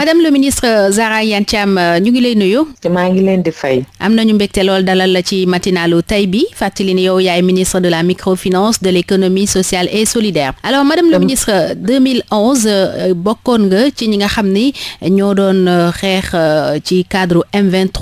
madame le ministre euh, Zahra Iyane Thiam euh, ñu ngi lay nuyu. maa ngi leen di fay. am na ñu mbégte lool dalal la ci matinalu tey bi fàttali ni yow yaay ministre de la microfinance de l' économie sociale et solidaire. alors madame le ministre 2011 euh, bokkoon nga ci ñi nga xam ni ñoo doon xeex ci cadre M23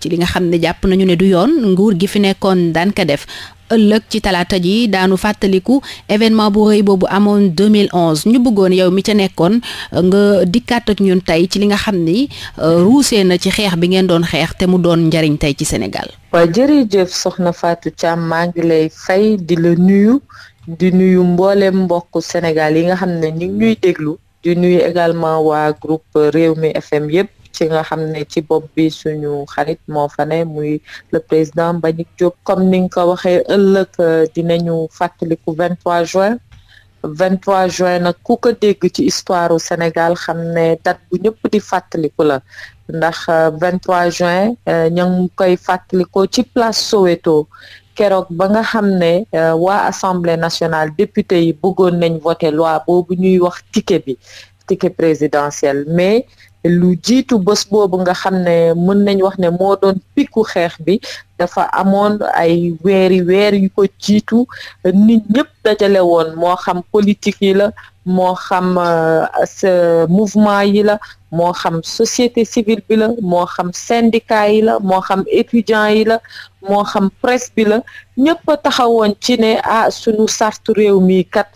ci li nga xam ne jàpp nañu ne du yoon nguur gi fi nekkoon daan ka def. ëllëg ci talaata ji daanu fàttaliku événement bu rëy boobu amoon 2011 ñu bëggoon yow mi ca nekkoon euh, nga dikkaat ak ñun tey ci li nga xam ni euh, ruusee na ci xeex bi ngeen doon xeex te mu doon njariñ tey ci Sénégal. waaw jëf soxna Fatou Thiam maa ngi lay fay di la nuyu di nuyu mboolem mbokku Sénégal yi nga xam ne ñu ngi ñuy déglu di nuyu également waa groupe mi FM yépp ci nga xam ne ci bopp bi suñu xarit moo fa ne muy le président Mbagnick Diop comme ni nga ko waxee ëllëg euh, dinañu fàttaliku 23 juin 23 juin nag ku ko dégg ci histoire u Sénégal xam ne date bu ñëpp di fàttaliku la ndax 23 euh, juin euh, ña koy fàttaliko ci place Soweto keroog ba nga xam ne waa assemblée nationale député yi bëggoon nañ voté loi boobu ñuy wax ticket bi ticket présidentiel mais lu jiitu bés boobu nga xam ne mën nañ wax ne moo doon piku xeex bi dafa amoon ay weeri weer yu ko jiitu nit ñëpp dajale woon moo xam politique yi la moo xam euh, mouvement yi la moo xam société civile bi la moo xam syndicat yi la moo xam étudiant yi la moo xam presse bi la ñëpp a taxawoon ci ne ah sunu sartu réew mi kat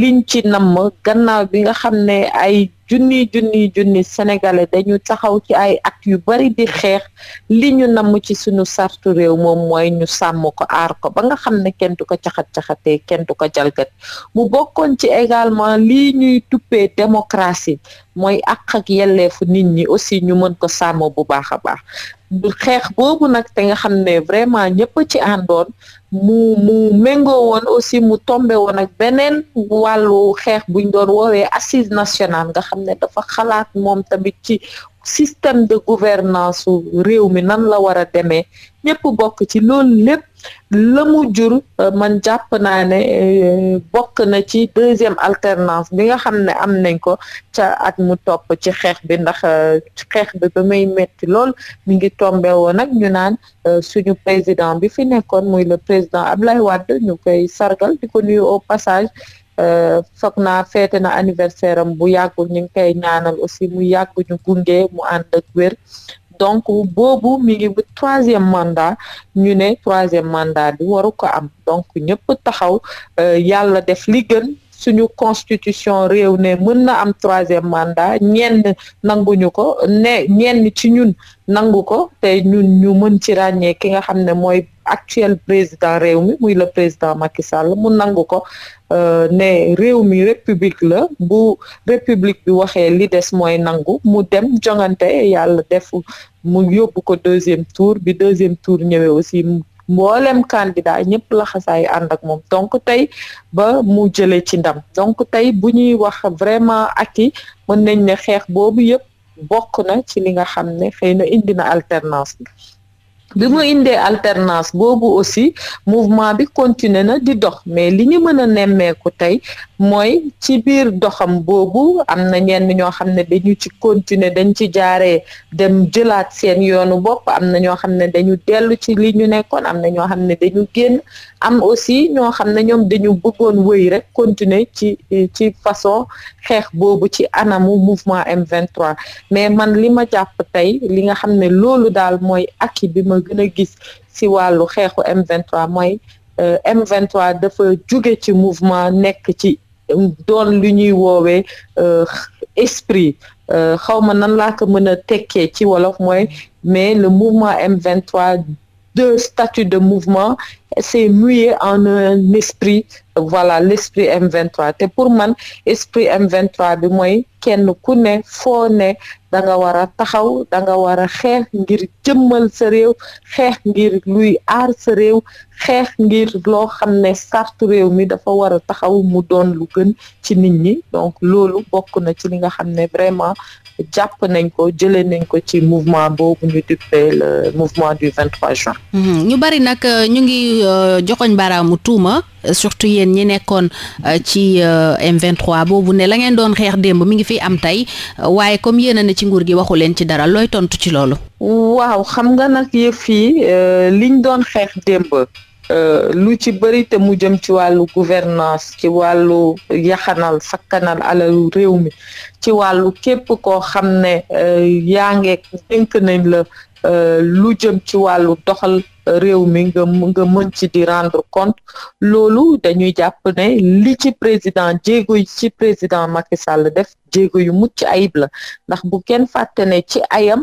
liñ ci namm gannaaw bi nga xam ne ay junni junni junni sénégalais dañu taxaw ci ay at yu bari di xeex li ñu namm ci suñu sartu réew moom mooy ñu sàmm ko aar ko ba nga xam ne kenn du ko caxat caxate kenn du ko jalgat mu bokkoon ci également lii ñuy tuppee démocratie mooy àq ak yelleefu nit ñi aussi ñu mën ko sàmm bu baax a baax xeex boobu nag te nga xam ne vraiment ñëpp ci àndoon mu mu méngoo woon aussi mu tombe woon ak beneen wàllu xeex buñ doon woowee assise nationale nga xam xam ne dafa xalaat moom tamit ci système de gouvernance su réew mi nan la war a demee ñëpp bokk ci loolu lépp la jur euh, man jàpp naa ne euh, bokk na ci deuxième alternance bi nga xam ne am nañ ko ca at mu topp ci xeex bi ndax euh, xeex bi ba may metti lool mi ngi tombe woon nag ñu naan suñu président bi fi nekkoon muy le président lay Wade ñu koy sargal di ko nuyu au passage Euh, foog naa feete na anniversaire am bu yàggul ñu ngi koy ñaanal aussi mu yàgg ñu gunge mu ànd ak donc boobu mi ngi troisième mandat ñu ne troisième mandat bi waru ko am donc ñëpp taxaw euh, yàlla def li gën suñu constitution réew ne mën na am troisième mandat ñenn nanguñu ko ne ñenn ci ñun nangu ko te ñun ñu mën ci ràññee ki nga xam ne mooy actuel président réew mi muy le président Macky Sall mu nangu ko euh, ne réew mi république la bu république bi waxee li des mooy nangu mu dem jongante yàlla def mu yóbbu ko deuxième tour bi deuxième tour ñëwee aussi mboolem candidat ñëpp la xasaay ànd ak moom donc tey ba mu jëlee ci ndam donc tey bu ñuy wax vraiment ak yi mën nañ ne xeex boobu yëpp bokk na ci li nga xam ne xëy na indi na alternance bi bi mu indee alternance boobu aussi mouvement bi continuer na di dox mais li ñu mën a nemmeeku tey mooy ci biir doxam boobu am na ñenn ñoo xam ne dañu ci continuer dañ ci jaare dem jëlaat seen yoonu bopp am na ñoo xam ne dañu dellu ci li ñu nekkoon am na ñoo xam ne dañu génn am aussi ñoo xam ne ñoom dañu bëggoon wëy rek continuer ci ci façon xeex boobu ci anamu mouvement M23 mais man li ma jàpp tey li nga xam ne loolu daal mooy acquis bi ma gën a gis si wàllu xeexu M23 mooy euh, M23 dafa jóge ci mouvement nekk ci doon lu ñuy woowee euh, esprit euh, xaw xawma nan laa ko mën a tekkee ci wolof mooy mais le mouvement M23 deux statuts de mouvement s'est mué en un esprit voilà l'esprit M23 te pour man esprit M23 bi mooy kenn ku ne foo ne da nga war a taxaw da nga war a xeex ngir jëmmal sa réew xeex ngir luy aar sa réew xeex ngir loo xam ne sartu réew mi dafa war a taxaw mu doon lu gën ci nit ñi donc loolu bokk na ci li nga xam ne vraiment jàpp nañ ko jëlee nañ ko ci mouvement boobu ñu duppee le mouvement du 23 juin. ñu bari nag euh, ñu ngi Euh, joxoñ baaraamu tuuma surtout yéen ñi nekkoon euh, ci euh, M23 boobu ne la ngeen doon xeex démb mi ngi fi am tey waaye comme yéen a ne ci nguur gi waxu leen ci dara looy tontu ci loolu. waaw xam nga nag yëf yi liñ doon xeex démb. lu ci bëri te mu jëm ci wàllu gouvernance ci wàllu yaxanal sakkanal alalu réew mi ci wàllu képp koo xam ne yaa ngeeg dénk nañ la lu jëm ci wàllu doxal réew mi nga nga mën ci di rendre compte loolu dañuy jàpp ne li ci président jéego ci président Macky Sall def jéego yu mucc ayib la ndax bu kenn fàtte ne ci ayam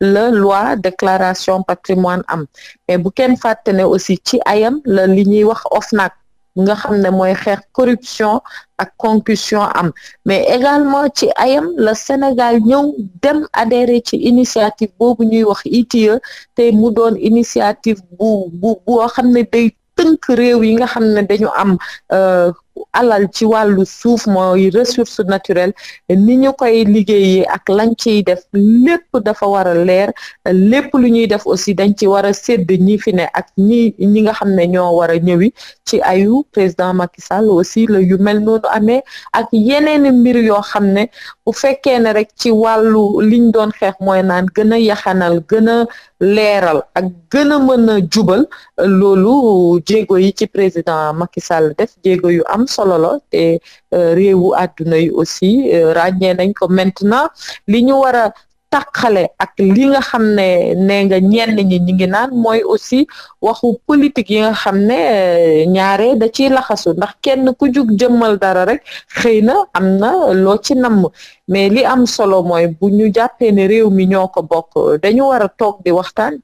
la loi déclaration patrimoine am mais bu kenn fàtte ne aussi ci ayam la li ñuy wax nak nga xam ne mooy xeex corruption ak concussion am mais également ci ayam la Sénégal ñëw dem adhéré ci initiative boobu ñuy wax ITIE te mu doon initiative bu bu boo xam ne day tënk réew yi nga xam ne dañu am euh, alal ci wàllu suuf mooy ressource naturelle ni ñu koy liggéeyee ak lañ ciy def lépp dafa war a leer lépp lu ñuy def aussi dañ ci war a sédd ñi fi ne ak ñi ñi nga xam ne ñoo war a ñëwi ci ayu président Macky Sall aussi la yu mel noonu amee ak yeneen mbir yoo xam ne bu fekkee ne rek ci wàllu liñ doon xeex mooy naan gën a yaxanal gën a leeral ak gën a mën a jubal loolu jéego yi ci président Macky Sall def jéego yu am am solo la te euh, réewu àdduna yi aussi euh, ràññee nañ ko maintenant li ñu war a tàqale ak li nga xam ne nee nga ñenn ñi ñi ngi naan mooy aussi waxu politique yi nga xam ne euh, ñaare da ciy laxasu ndax kenn ku jug jëmmal dara rek xëy na am na loo ci mais li am solo mooy bu ñu jàppee ne réew mi ñoo ko bokk dañu war a toog di waxtaan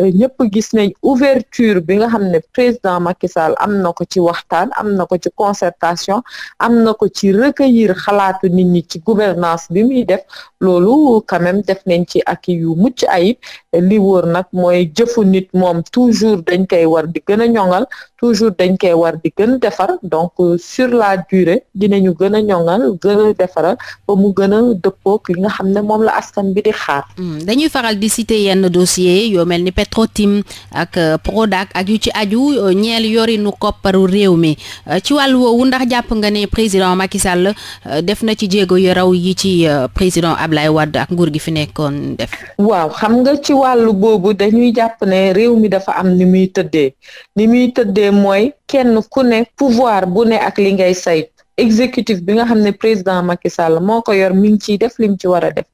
Euh, ñëpp gis nañ ouverture bi nga xam ne président Macky am na ko ci waxtaan am na ko ci concertation am na ko ci recueillir xalaatu nit ñi ci gouvernance bi muy def loolu quand def nañ ci ak yu mucc ayib li woor nag mooy jëfu nit moom toujours dañ koy war di gën a ñoŋal toujours dañ koy war di gën defar donc euh, sur la durée dinañu gën a ñoŋal gën a defaral ba mu gën a dëppoog li nga xam ne moom la askan bi di xaar. Hmm, dañuy faral di citer yenn dossier yoo mel ni petro Petrotim ak euh, Prodac ak yu ci aju euh, ñeel yorinu kopparu réew mi ci wàllu woowu ndax jàpp nga ne président Macky Sall def na ci jéego yu yi ci président Ablaye Wade ak nguur gi fi nekkoon def. waaw xam wàllu boobu dañuy jàpp ne réew mi dafa am ni muy tëddee ni muy tëddee mooy kenn ku ne pouvoir bu ne ak li ngay sayt exécutif bi nga xam ne président Macky Sall moo ko yor mi ngi ciy def li mu ci war a def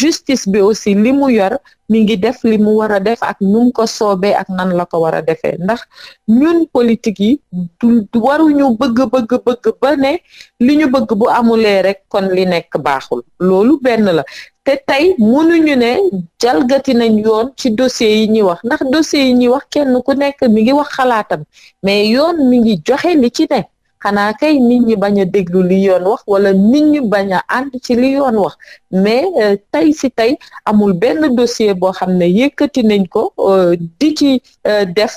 justice bi aussi li mu yor mi ngi def li mu war a def ak num ko soobee ak nan la ko war a defee ndax ñun politique yi du waruñu bëgg bëgg bëgg ba ne li ñu bëgg bu amulee rek kon li nekk baaxul loolu benn la te tey mënuñu ne jalgati nañ yoon ci dossier yi ñuy wax ndax dossier yi ñuy wax kenn ku nekk mi ngi wax xalaatam mais yoon mi ngi joxe li ci ne xanaa kay nit ñi bañ a déglu li yoon wax wala nit ñi bañ a ànd ci li yoon wax mais euh, tey si tey amul benn dossier boo xam ne yëkkati nañ ko euh, di ci euh, def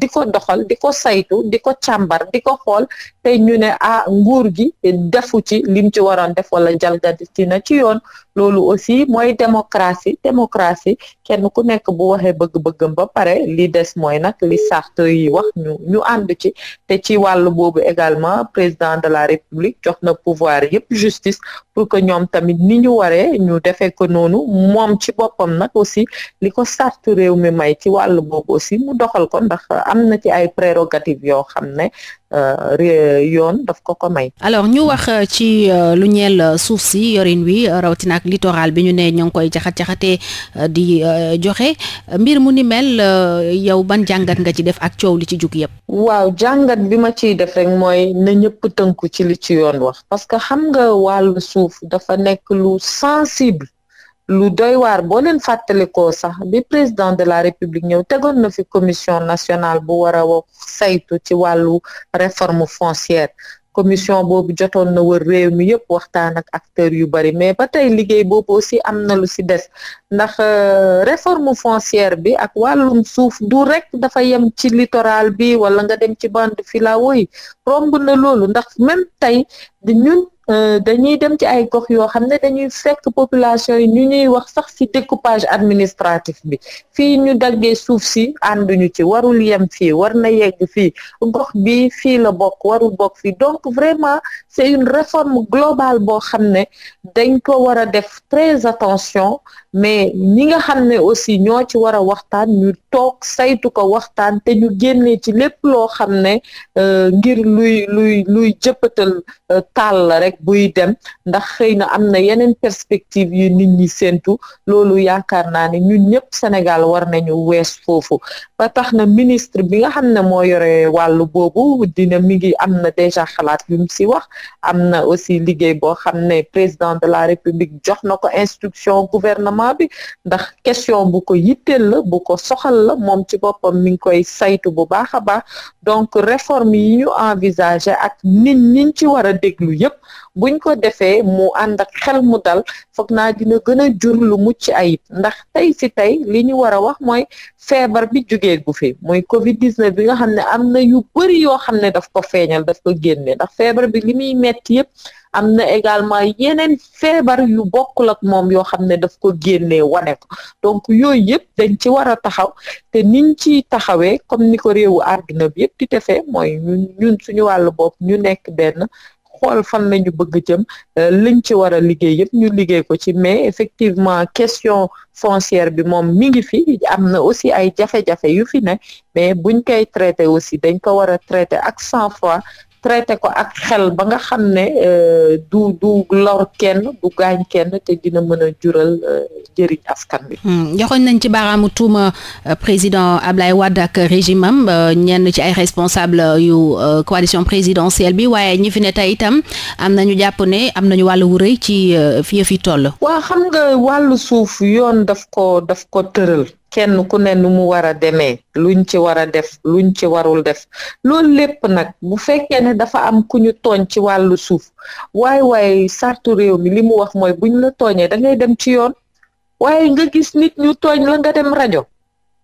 di ko doxal di ko saytu di ko càmbar di ko xool te ñu ne ah nguur gi defu ci lim ci waroon def wala jalgati na ci yoon loolu aussi mooy démocratie démocratie kenn ku nekk bu waxee bëgg-bëggam ba pare li des mooy nag li sart yi wax ñu ñu ànd ci te ci wàll boobu également également président de la république jox na pouvoir yëpp justice pour que ñoom tamit ni ñu waree ñu defee ko noonu moom ci boppam nag aussi li ko sartu réew mi may ci wàll boobu aussi mu doxal ko ndax am na ci ay prérogatives yoo xam ne Euh, yoon daf ko ko may. alors ñu wax euh, ci euh, lu ñeel suuf si yorin wi rawatina ak bi ñu nee ñoo ngi koy jaxat jaxatee di joxe mbir mu ni mel yow ban jàngat nga ci def ak coow li ci jug yëpp. waaw jàngat bi ma ciy def rek mooy na ñëpp tënku ci li ci yoon wax parce que xam nga wàllu suuf dafa nekk lu sensible. lu doy waar boo leen fàttalikoo sax bi président de la république ñëw tegoon na fi commission nationale bu war a saytu ci wàllu réforme foncière commission boobu jotoon na wër réew mi yëpp waxtaan ak acteurs yu bari mais ba tey liggéey boobu aussi am na lu si des ndax euh, réforme foncière bi ak wàllum suuf du rek dafa yem ci littoral bi wala nga dem ci bande filao yi romb na loolu ndax même tey ñun Euh, dañuy dem ci ay gox yoo xam ne dañuy fekk population yi ñu ñuy wax sax ci découpage administratif bi fii ñu daggee suuf si ànduñu ci warul yem fi war na yegg fii gox bi fii la bokk warul bokk fii donc vraiment c'est une réforme globale boo xam ne dañ ko war a def très attention mais ñi nga xam ne aussi ñoo ci war a waxtaan ñu toog saytu ko waxtaan te ñu génnee ci lépp loo xam ne euh, ngir luy luy luy jëppatal euh, taal la rek buy dem ndax xëy na am na yeneen perspective yu nit ñi séentu loolu yaakaar naa ne ñun ñëpp Sénégal war nañu wees foofu ba tax na ministre bi nga xam ne moo yore wàllu boobu dina mi ngi am na déjà xalaat yu si wax am na aussi liggéey boo xam ne président de la République jox na ko instruction gouvernement gouvernement bi ndax question bu ko yitteel la bu ko soxal la moom ci boppam mi ngi koy saytu bu baax a baax donc réforme yi ñu envisagé ak nit niñ ci war a déglu yépp buñ ko defee mu ànd ak xel mu dal foog naa dina gën a jur lu mucc ayib ndax tey si tey li ñu war a wax mooy feebar bi jugee gu fi mooy Covid 19 bi nga xam ne am na yu bëri yoo xam ne daf ko feeñal daf ko génne ndax feebar bi li muy metti am na également yeneen feebar yu bokkul ak moom yoo xam ne daf ko génnee wane donc yooyu yëpp dañ ci war a taxaw te niñ ci taxawee comme ni ko réewu àdduna bi yëpp di defee mooy ñun ñun suñu wàllu bopp ñu nekk benn xool fan la ñu bëgg jëm euh, liñ ci war a liggéey yëpp ñu liggéey ko ci mais effectivement question foncière bi moom mi ngi fi am na aussi ay jafe-jafe yu fi ne mais buñ koy traité aussi dañ ko war a traité ak sang fois traité ko ak xel ba nga xam ne euh, du du lor kenn du gaañ kenn te dina mën a jural euh, jëriñ askan bi hmm, joxoñ nañ ci baaraamu tuuma euh, président Ablaye Wade ak régime am ñenn ci ay responsable yu coalition présidentielle bi waaye ñi fi ne tey itam am na ñu jàpp ne am nañu wàllu wu rëy ci fi fi toll. waa xam nga wàllu suuf yoon daf ko daf ko tëral. kenn ku ne nu mu war a demee luñ ci war a def luñ ci warul def loolu lépp nag bu fekkee ne dafa am ku ñu tooñ ci wàllu suuf waaye waaye sartu réew mi li mu wax mooy buñ la tooñee da ngay dem ci yoon waaye nga gis nit ñu tooñ la nga dem rajo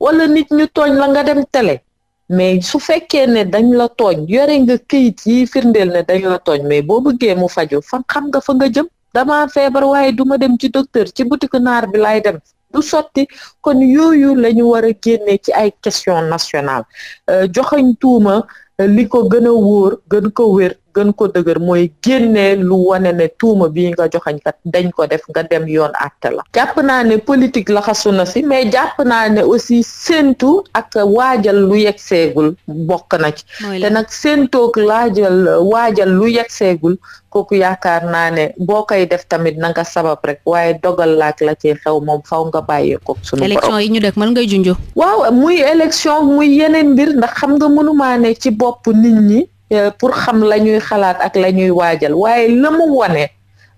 wala nit ñu tooñ la nga dem tele mais su fekkee ne dañ la tooñ yore nga këyit yi firndeel ne dañoo la tooñ mais boo bëggee mu faju fan xam nga fa nga jëm dama feebar waaye duma dem ci docteur ci boutique naar bi laay dem du sotti kon yooyu la ñu war a génnee ci ay question nationale euh, joxañ tuuma euh, li ko gën a wóor gën ko wér gën ko dëgër mooy génnee lu wane ne tuuma bii nga joxañ kat dañ ko def nga dem yoon àtte la jàpp naa ne politique la xasu na si mais jàpp naa ne aussi séentu ak waajal lu yegg seegul bokk na ci te nag séentoog laajal waajal lu yegg seegul kooku yaakaar naa ne boo koy def tamit na nga sabab rek waaye dogal laak la ci xew moom faw nga bàyyi ko sunu élection yi ñu dëkk mën muy élection muy yeneen mbir ndax xam nga mënumaa ne ci bopp nit ñi Euh, pour xam lañuy xalaat ak la ñuy waajal waaye la mu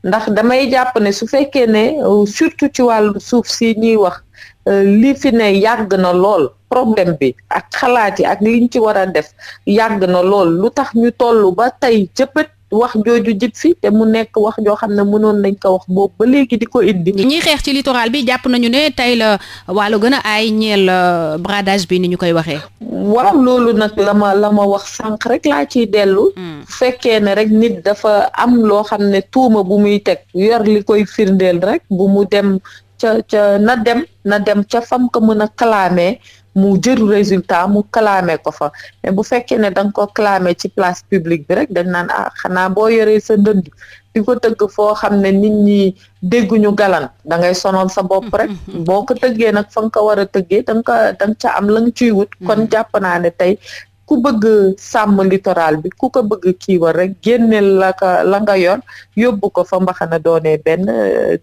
ndax damay jàpp ne su fekkee ne euh, surtout ci wàllu suuf si ñuy wax euh, li fi ne yàgg na lool problème bi ak xalaat yi ak liñ ci war a def yàgg na lool lu tax ñu toll ba tey jëppët wax jooju jib fi te mu nekk wax joo xam ne mënoon nañ ko wax boobu ba léegi di ko indi. ñiy xeex ci littoral bi jàpp nañu ne tey la waalo gën a aay ñeel euh, bradage bi ni ñu koy waxee. waaw loolu nag la ma la ma wax sànq rek laa ciy dellu. Hmm. fekkee ne rek nit dafa am loo xam ne tuuma bu muy teg yor li koy firndeel rek bu mu dem ca ca na dem na dem ca fam ko mën a kalaamee. mu jëru résultat mu clamé ko fa mais bu fekkee ne da nga ko clamé ci place publique bi rek dañ naan ah xanaa boo yoree sa ndënd di ko tëgg foo xam ne nit ñi dégguñu galan da ngay sonal sa bopp mm-hmm. rek boo ko tëggee nag fa nga ko war a tëggee da nga ko da ca am la nga ciy wut mm-hmm. kon jàpp naa ne tey ku bëgg sàmm littoral bi ku ko bëgg kii war rek génneel la ka la nga yoon yóbbu ko fa mbaxana doonee benn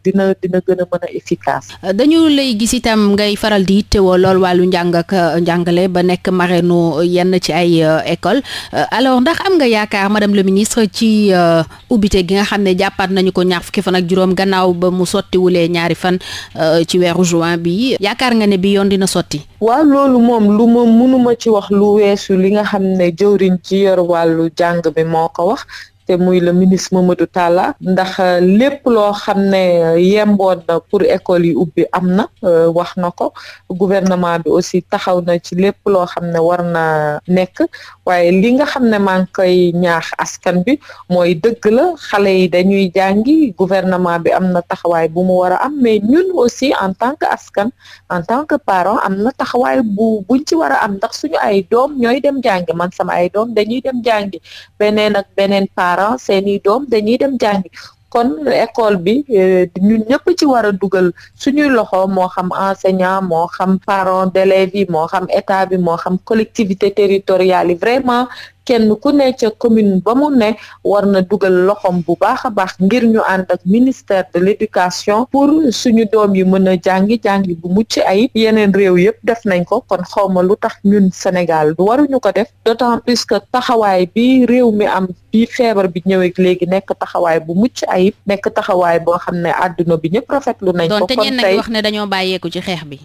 dina dina gën a mën a efficace. dañu lay gis itam ngay faral di yittewoo lool wàllu njàng ak euh, njàngale ba nekk nu yenn ci ay euh, école euh, alors ndax am nga yaakaar madame le ministre ci ubbite gi nga xam ne jàppaat nañu ko ñaar fukki fan ak juróom gannaaw ba mu sottiwulee ñaari fan ci weeru join bi yaakaar nga ne bi yoon dina sotti. waaw loolu moom nga xam ne jëwriñ ci yor wàllu jàng bi moo ko wax te muy le ministre Mamadou Talla ndax euh, lépp loo xam ne euh, yemboon pour école yi ubbi am na euh, wax na ko gouvernement bi aussi taxaw na ci lépp loo xam ne war na nekk waaye li nga xam ne maa ngi koy ñaax askan bi mooy dëgg la xale yi dañuy jàngi gouvernement bi am na taxawaay bu mu war a am mais ñun aussi en tant que askan en tant que parent am na taxawaay bu buñ ci war a am ndax suñu ay doom ñooy dem jàngi man sama ay doom dañuy dem jàngi beneen ak parents seeni doom dañuy dem jàngi kon école bi eh, ñun ñëpp ci war a dugal suñuy loxo moo xam enseignant moo xam parents d'élèves bi moo xam état bi moo xam collectivité territoriale yi vraiment kenn ku ne ca commune ba mu ne war na dugal loxoom bu baax a baax ngir ñu ànd ak ministère de l'éducation pour suñu doom yi mën a jàngi jàngi bu mucc ayib yeneen réew yëpp def nañ ko kon xawma lu tax ñun Sénégal waruñu ko def d'autant plus que taxawaay bi réew mi am bi feebar bi ñëwee léegi nekk taxawaay bu mucc ayib nekk taxawaay boo xam ne àdduna bi ñëpp rafetlu nañ ko ne dañoo bàyyeeku ci xeex bi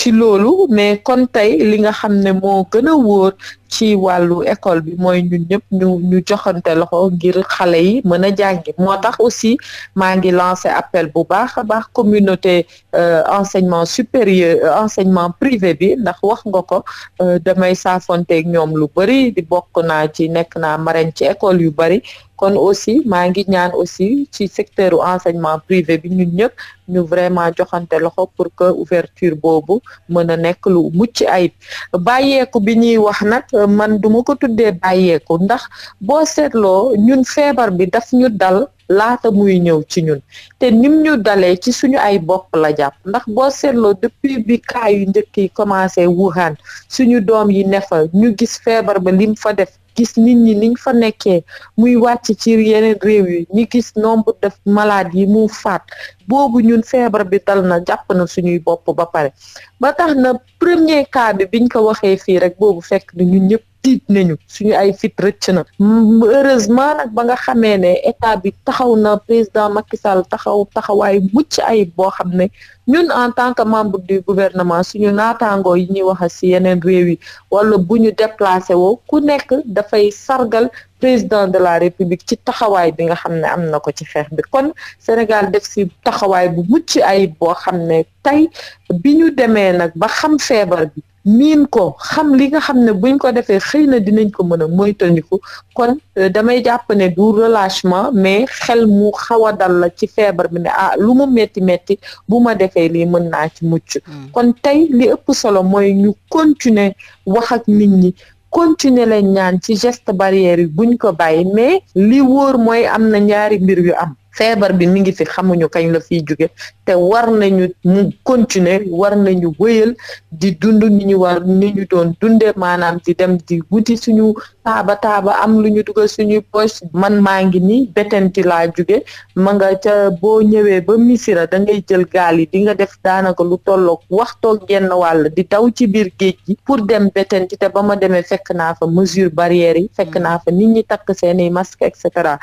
ci loolu mais kon tey li nga xam ne moo gën a wóor ci wàllu école bi mooy ñun ñëpp ñu ñu joxante loxo ngir xale yi mën a jàngi moo tax aussi maa ngi lancé appel bu baax a baax communauté euh, enseignement supérieur euh, enseignement privé bi ndax wax nga ko euh, damay saafonteeg ñoom lu bëri di bokk naa ci nekk naa marraine ci école yu bëri kon aussi maa ngi ñaan aussi ci secteur enseignement privé bi ñun ñëpp ñu vraiment joxante loxo pour que ouverture boobu mën a nekk lu mucc ayib bàyyeeku bi ñuy wax nag man duma ko tuddee bàyyeeku ndax boo seetloo ñun feebar bi daf ñu dal laata muy ñëw ci ñun te nim ñu dalee ci suñu ay bopp la jàpp ndax boo seetloo depuis bi cas yu njëkk yi commencé Wuhan suñu doom yi ne ñu gis feebar ba lim fa def gis nit ñi niñ fa nekkee muy wàcc ci yeneen réew yi ñi gis nombre de malades yi mu faat boobu ñun feebar bi dal na jàpp na suñuy bopp ba pare ba tax na premier cas bi biñ ko waxee fii rek boobu fekk ni ñun ñëpp tiit nañu suñu ay fit rëcc na heureusement nag ba nga xamee ne état bi taxaw na président Macky Sall taxaw taxawaay mucc ayib boo xam ne ñun en tant que membre du gouvernement suñu naataangoo yi ñuy wax ci yeneen réew yi wala bu ñu déplacé woo ku nekk dafay sargal président de la république ci taxawaay bi nga xam ne am na ko ci xeex bi kon Sénégal def si taxawaay bu mucc ayib boo xam ne tey bi ñu demee nag ba xam feebar bi miin ko xam li nga xam ne buñ ko defee xëy na dinañ ko mën a moytandiku kon euh, damay jàpp ne du relâchement mais xel mu xaw a dal la ci feebar bi ne ah lu mu metti metti bu ma defee lii mën naa ci mucc hmm. kon tey li ëpp solo mooy ñu continuer wax ak nit ñi continuer leen ñaan ci geste barrière yi guñ ko bàyyi mais li wóor mooy am na ñaari mbir yu am feebar bi mi ngi fi xamuñu kañ la fiy jóge te war nañu mu continuer war nañu wëyal di dund ni ñu war ni ñu doon dundee maanaam di dem di wuti suñu taaba taaba am lu ñu dugal suñu poche man maa ngi ni betenti laa jóge ma nga ca boo ñëwee ba misira da ngay jël gaal yi di nga def daanaka lu tollook waxtoog genn wàll di daw ci biir géej gi pour dem betenti te ba ma demee fekk naa fa mesure barrière yi fekk mm. naa fa nit ñi takk seeni masque et cetera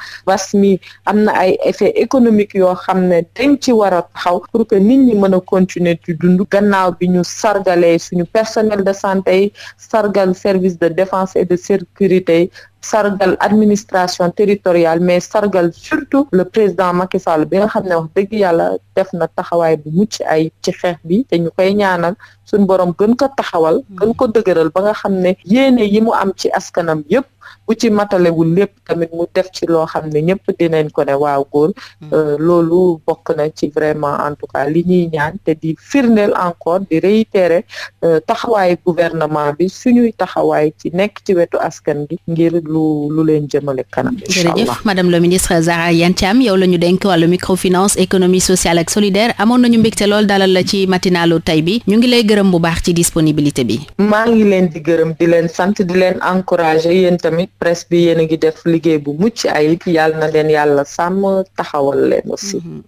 mi am na ay te économique yoo xam ne dañ ci war a taxaw pour que nit ñi mën a continuer ci dund gannaaw bi ñu sargalee suñu personnel de santé yi sargal service de défense et de sécurité yi sargal administration territoriale mais sargal surtout le président Macky Sall bi nga xam ne wax dëgg yàlla def na taxawaay bu mucc ay ci xeex bi te ñu koy ñaanal suñ borom gën ko taxawal gën ko dëgëral ba nga xam ne yéene yi mu am ci askanam yépp bu ci matalewul lépp tamit mu def ci loo xam ne ñëpp dinañ ko ne waaw góor mm. euh, loolu bokk na ci vraiment en tout cas li ñuy ñaan te di firndeel encore di réitérer euh, taxawaay gouvernement bi suñuy taxawaay ci nekk ci wetu askan bi ngir lu lu leen jëmale kanam jërëjëf madame le ministre Zahra ci Thiam yow la ñu denk wàllu microfinance économie sociale ak solidaire amoon nañu mbégte lool dalal la ci matinalu tey bi ñu ngi lay gërëm bu baax ci disponibilité bi maa ngi leen di tamit bi yéen a ngi def liggéey bu mucc ayib yàlla na leen yàlla sàmm taxawal leen aussi mm-hmm.